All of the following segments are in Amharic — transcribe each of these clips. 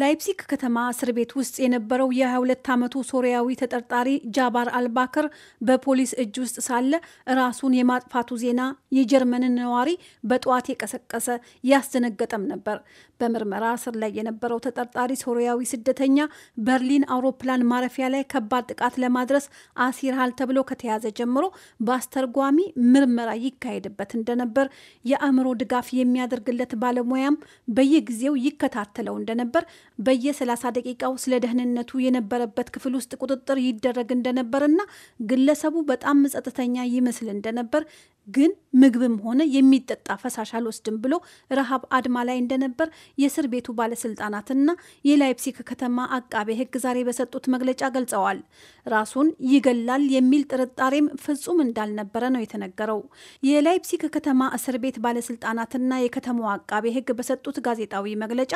ላይፕሲክ ከተማ እስር ቤት ውስጥ የነበረው የ22 ዓመቱ ሶሪያዊ ተጠርጣሪ ጃባር አልባክር በፖሊስ እጅ ውስጥ ሳለ ራሱን የማጥፋቱ ዜና የጀርመንን ነዋሪ በጠዋት የቀሰቀሰ ያስደነገጠም ነበር። በምርመራ ስር ላይ የነበረው ተጠርጣሪ ሶሪያዊ ስደተኛ በርሊን አውሮፕላን ማረፊያ ላይ ከባድ ጥቃት ለማድረስ አሲርሃል ተብሎ ከተያዘ ጀምሮ በአስተርጓሚ ምርመራ ይካሄድበት እንደነበር የአእምሮ ድጋፍ የሚያደርግለት ባለሙያም በየጊዜው ይከታተለው እንደነበር በየ30 ደቂቃው ስለ ደህንነቱ የነበረበት ክፍል ውስጥ ቁጥጥር ይደረግ እንደነበርና ግለሰቡ በጣም ጸጥተኛ ይመስል እንደነበር ግን ምግብም ሆነ የሚጠጣ ፈሳሽ አልወስድም ብሎ ረሃብ አድማ ላይ እንደነበር የእስር ቤቱ ባለስልጣናትና የላይፕሲክ ከተማ አቃቤ ሕግ ዛሬ በሰጡት መግለጫ ገልጸዋል። ራሱን ይገላል የሚል ጥርጣሬም ፍጹም እንዳልነበረ ነው የተነገረው። የላይፕሲክ ከተማ እስር ቤት ባለስልጣናትና የከተማው አቃቤ ሕግ በሰጡት ጋዜጣዊ መግለጫ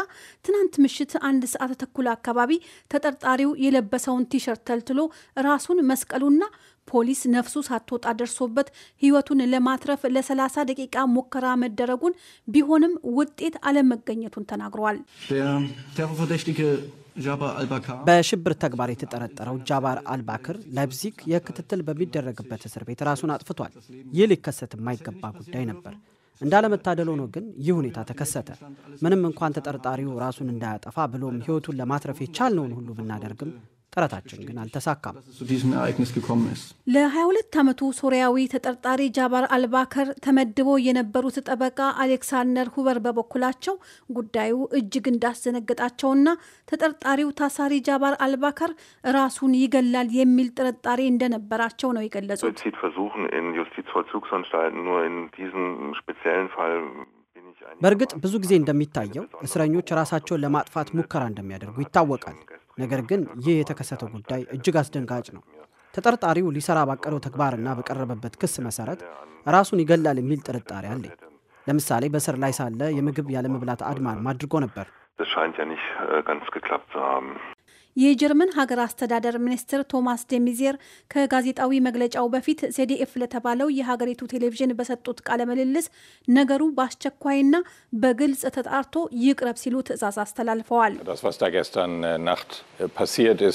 ትናንት ምሽት አንድ ሰዓት ተኩል አካባቢ ተጠርጣሪው የለበሰውን ቲሸርት ተልትሎ ራሱን መስቀሉና ፖሊስ ነፍሱ ሳትወጣ ደርሶበት ህይወቱን ለማትረፍ ለ30 ደቂቃ ሙከራ መደረጉን ቢሆንም ውጤት አለመገኘቱን ተናግረዋል። በሽብር ተግባር የተጠረጠረው ጃባር አልባክር ላይፕዚግ የክትትል በሚደረግበት እስር ቤት ራሱን አጥፍቷል። ይህ ሊከሰት የማይገባ ጉዳይ ነበር። እንዳለመታደል ሆኖ ግን ይህ ሁኔታ ተከሰተ። ምንም እንኳን ተጠርጣሪው ራሱን እንዳያጠፋ ብሎም ህይወቱን ለማትረፍ የቻልነውን ሁሉ ብናደርግም ጥረታችን ግን አልተሳካም። ለ22 ዓመቱ ሶሪያዊ ተጠርጣሪ ጃባር አልባከር ተመድቦ የነበሩት ጠበቃ አሌክሳንደር ሁበር በበኩላቸው ጉዳዩ እጅግ እንዳስደነገጣቸውና ተጠርጣሪው ታሳሪ ጃባር አልባከር ራሱን ይገላል የሚል ጥርጣሬ እንደነበራቸው ነው የገለጹት። በእርግጥ ብዙ ጊዜ እንደሚታየው እስረኞች ራሳቸውን ለማጥፋት ሙከራ እንደሚያደርጉ ይታወቃል። ነገር ግን ይህ የተከሰተው ጉዳይ እጅግ አስደንጋጭ ነው። ተጠርጣሪው ሊሰራ ባቀደው ተግባርና በቀረበበት ክስ መሰረት ራሱን ይገላል የሚል ጥርጣሬ አለኝ። ለምሳሌ በስር ላይ ሳለ የምግብ ያለመብላት አድማን አድርጎ ነበር። የጀርመን ሀገር አስተዳደር ሚኒስትር ቶማስ ደሚዜር ከጋዜጣዊ መግለጫው በፊት ዜዲኤፍ ለተባለው የሀገሪቱ ቴሌቪዥን በሰጡት ቃለ ምልልስ ነገሩ በአስቸኳይና በግልጽ ተጣርቶ ይቅረብ ሲሉ ትዕዛዝ አስተላልፈዋል። äh,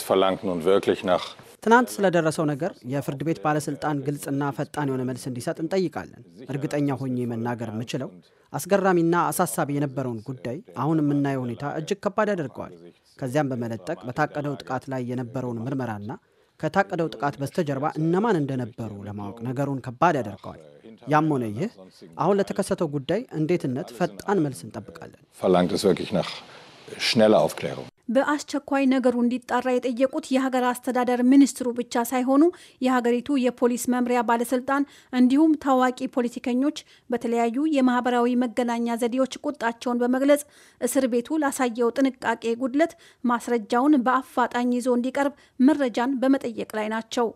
äh, ትናንት ስለደረሰው ነገር የፍርድ ቤት ባለስልጣን ግልጽና ፈጣን የሆነ መልስ እንዲሰጥ እንጠይቃለን። እርግጠኛ ሆኜ መናገር የምችለው አስገራሚና አሳሳቢ የነበረውን ጉዳይ አሁን የምናየው ሁኔታ እጅግ ከባድ ያደርገዋል። ከዚያም በመለጠቅ በታቀደው ጥቃት ላይ የነበረውን ምርመራና ከታቀደው ጥቃት በስተጀርባ እነማን እንደነበሩ ለማወቅ ነገሩን ከባድ ያደርገዋል። ያም ሆነ ይህ አሁን ለተከሰተው ጉዳይ እንዴትነት ፈጣን መልስ እንጠብቃለን። በአስቸኳይ ነገሩ እንዲጣራ የጠየቁት የሀገር አስተዳደር ሚኒስትሩ ብቻ ሳይሆኑ የሀገሪቱ የፖሊስ መምሪያ ባለስልጣን እንዲሁም ታዋቂ ፖለቲከኞች በተለያዩ የማህበራዊ መገናኛ ዘዴዎች ቁጣቸውን በመግለጽ እስር ቤቱ ላሳየው ጥንቃቄ ጉድለት ማስረጃውን በአፋጣኝ ይዞ እንዲቀርብ መረጃን በመጠየቅ ላይ ናቸው።